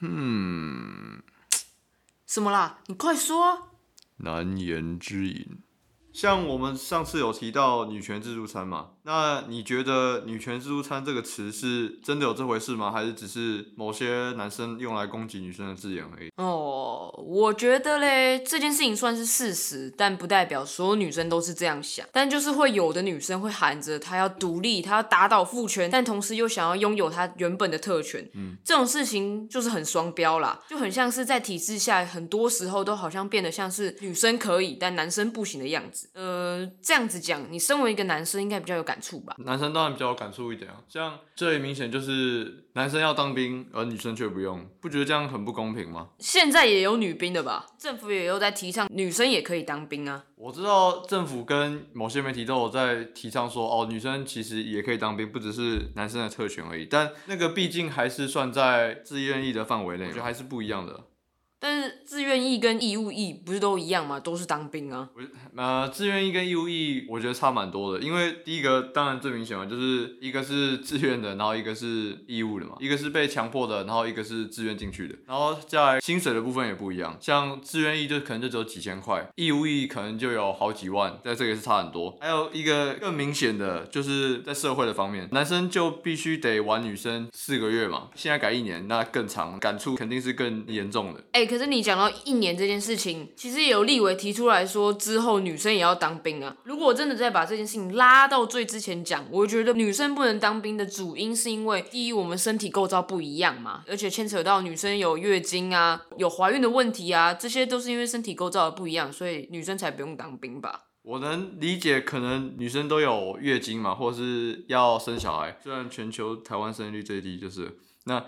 嗯，什麼啦？你快說，男言之隱。像我們上次有提到女權自助餐嘛？那你覺得“女權自助餐”這個詞是真的有這回事嗎？還是只是某些男生用來攻擊女生的字眼而已？哦，我覺得嘞，這件事情算是事實，但不代表所有女生都是這樣想。但就是會有的女生會喊着她要獨立，她要打倒父權，但同時又想要擁有她原本的特權。嗯，這種事情就是很雙標啦，就很像是在體制下，很多時候都好像變得像是女生可以，但男生不行的樣子。呃，這樣子講，你身為一個男生，應該比較有感覺。觸吧，男生當然比較有感觸一點啊。像這裡明顯就是男生要當兵，而女生卻不用，不覺得這樣很不公平嗎？現在也有女兵的吧？政府也有在提倡女生也可以當兵啊。我知道政府跟某些媒體都有在提倡說，哦，女生其實也可以當兵，不只是男生的特權而已。但那個畢竟還是算在自願意的範圍內，就還是不一樣的。但是自願役跟義務役不是都一樣嗎？都是當兵啊。是，呃，自願役跟義務役我覺得差蠻多的。因為第一個，當然最明顯嘛，就是一個是自願的，然後一個是義務的嘛，一個是被強迫的，然後一個是自願進去的。然後再來，薪水的部分也不一樣，像自願役就可能就只有幾千塊，義務役可能就有好幾萬，在這個是差很多。還有一個更明顯的，就是在社會的方面，男生就必須得玩女生四個月嘛，現在改一年，那更長，感觸肯定是更嚴重的。哎、欸。可是你講到一年這件事情，其實也有立委提出來說，之後女生也要當兵啊。如果我真的再把這件事情拉到最之前講，我覺得女生不能當兵的主因是因為第一，我們身體構造不一樣嘛，而且牽扯到女生有月經啊，有懷孕的問題啊，這些都是因為身體構造的不一樣，所以女生才不用當兵吧？我能理解，可能女生都有月經嘛，或者是要生小孩，雖然全球台灣生育率最低，就是。那，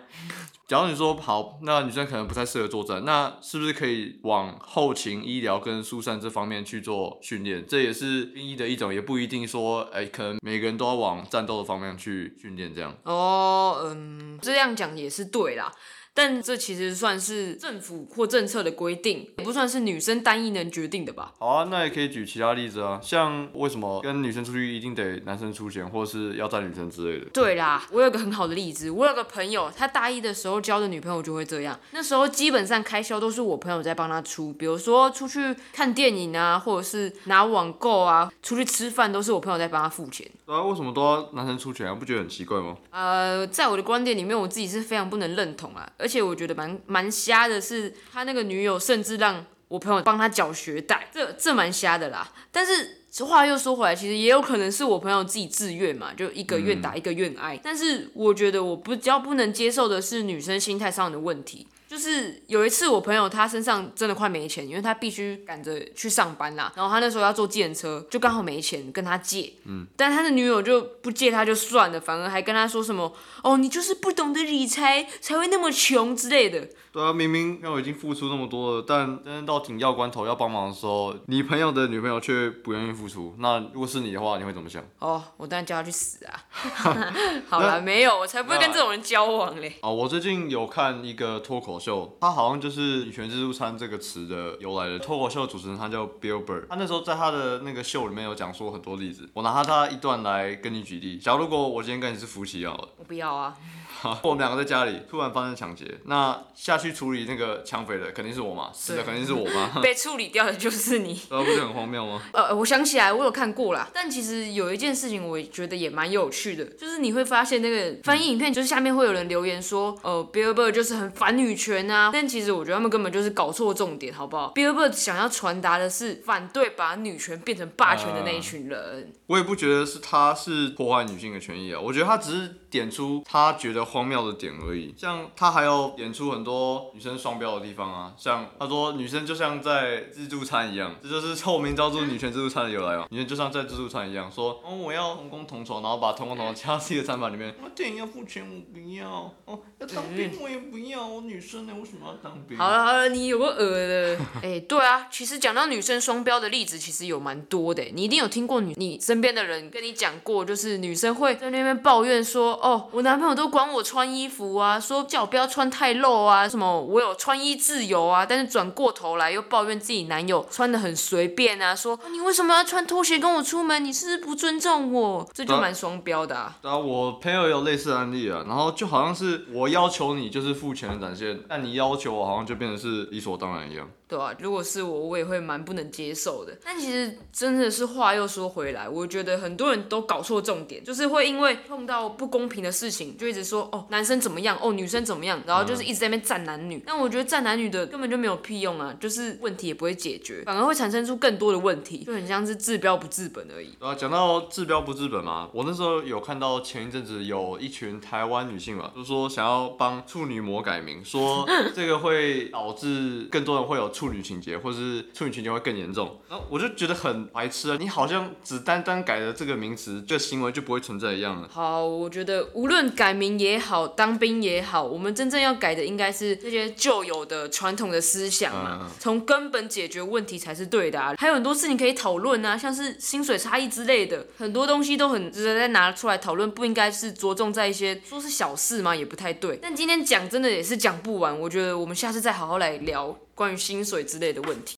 假如你說好，那女生可能不太適合作戰，那是不是可以往後勤、醫療跟疏散這方面去做訓練？這也是兵役的一種，也不一定說，哎、欸，可能每個人都要往戰鬥的方面去訓練，這樣。哦，嗯，這樣講也是對啦。但這其實算是政府或政策的規定，也不算是女生單一能決定的吧。好啊，那也可以舉其他例子啊，像為什麼跟女生出去一定得男生出錢，或是要帶女生之類的。對啦，我有個很好的例子，我有個朋友，他大一的時候交的女朋友就會這樣。那時候基本上開銷都是我朋友在幫他出，比如說出去看電影啊，或者是拿網購啊，出去吃飯都是我朋友在幫他付錢。啊，為什麼都要男生出錢啊？不覺得很奇怪嗎？呃，在我的觀點裡面，我自己是非常不能認同啊，而且我覺得蠻蠻瞎的是，是他那個女友甚至讓我朋友幫他繳學貸，這這蠻瞎的啦。但是。話又說回來，其實也有可能是我朋友自己自願嘛，就一個願打一個願挨。嗯。但是我覺得我比較不能接受的是女生心態上的問題。就是有一次我朋友她身上真的快沒錢，因為她必須趕着去上班啦。然後他那時候要坐計程車，就剛好沒錢跟他借。嗯。但他的女友就不借他就算了，反而還跟他說什麼：“哦，你就是不懂得理財才會那麼窮之類的。”對啊，明明我已經付出那麼多了，但但是到緊要關頭要幫忙的時候，你朋友的女朋友卻不願意付出。那如果是你的話，你會怎麼想？哦、oh，我當然叫他去死啊！ 好了，沒有，我才不會跟這種人交往嘞。哦，我最近有看一個脫口秀，他好像就是“女權自助餐”這個詞的由來的。的脫口秀的主持人他叫 Bill Burr，他那時候在他的那個秀裡面有講說很多例子，我拿他他一段來跟你舉例，假如如果我今天跟你是夫妻好了。我不要啊。 我們兩個在家裡突然發生搶劫，那下去處理那個搶匪的肯定是我嘛，死的肯定是我嘛， 被處理掉的就是你。呃、啊，不是很荒謬嗎？呃，我相信。起來，我有看過啦。但其實有一件事情，我覺得也蠻有趣的，就是你會發現那個翻譯影片，嗯、就是下面會有人留言說，呃，Bill Burr 就是很反女權啊。但其實我覺得他們根本就是搞錯重點，好不好？Bill Burr 想要傳達的是反對把女權變成霸權的那一群人。呃、我也不覺得是他是破壞女性的權益啊，我覺得他只是點出他覺得荒謬的點而已。像他還有點出很多女生雙標的地方啊，像他說女生就像在自助餐一樣，這就是臭名昭著女權自助餐的。 你就像在自助餐一樣，說哦，我要同工同酬。然後把同工同酬加到自己的餐盤裡面。嗯、我點要付錢，我不要。哦，要當兵我也不要，我女生呢、欸，為什麼要當兵？好了好了，你有個呃。的。哎，對啊，其實講到女生雙標的例子，其實有蠻多的。你一定有聽過女，你身邊的人跟你講過，就是女生會在那邊抱怨說，哦，我男朋友都管我穿衣服啊，說叫我不要穿太露啊，什麼我有穿衣自由啊，但是轉過頭來又抱怨自己男友穿的很隨便啊，說你為什麼要？穿拖鞋跟我出門，你是不是不尊重我？啊、這就蠻雙標的啊。啊，我朋友有類似案例啊，然後就好像是我要求你就是付錢的展現，但你要求我好像就變成是理所當然一樣。對吧、啊，如果是我，我也會蠻不能接受的。但其實真的是話又說回來，我覺得很多人都搞錯重點，就是會因為碰到不公平的事情，就一直說哦男生怎麼樣，哦女生怎麼樣，然後就是一直在那邊站男女、嗯。但我覺得站男女的根本就沒有屁用啊，就是問題也不會解決，反而會產生出更多的問題，就很像是治標不治本而已。對啊，講到治標不治本嘛，我那時候有看到前一陣子有一群台灣女性嘛，就說想要幫處女膜改名，說這個會導致更多人會有。處女情結，或者是處女情結會更嚴重，那、哦、我就覺得很白痴啊！你好像只單單改了這個名詞，這行、個、為就不會存在一樣了。好，我覺得無論改名也好，當兵也好，我們真正要改的應該是這些舊有的傳統的思想嘛，從、嗯、根本解決問題才是對的、啊。還有很多事情可以討論啊，像是薪水差異之類的，很多東西都很值得再拿出來討論。不應該是着重在一些說是小事嗎，也不太對。但今天講真的也是講不完，我覺得我們下次再好好來聊。關於薪水之類的問題。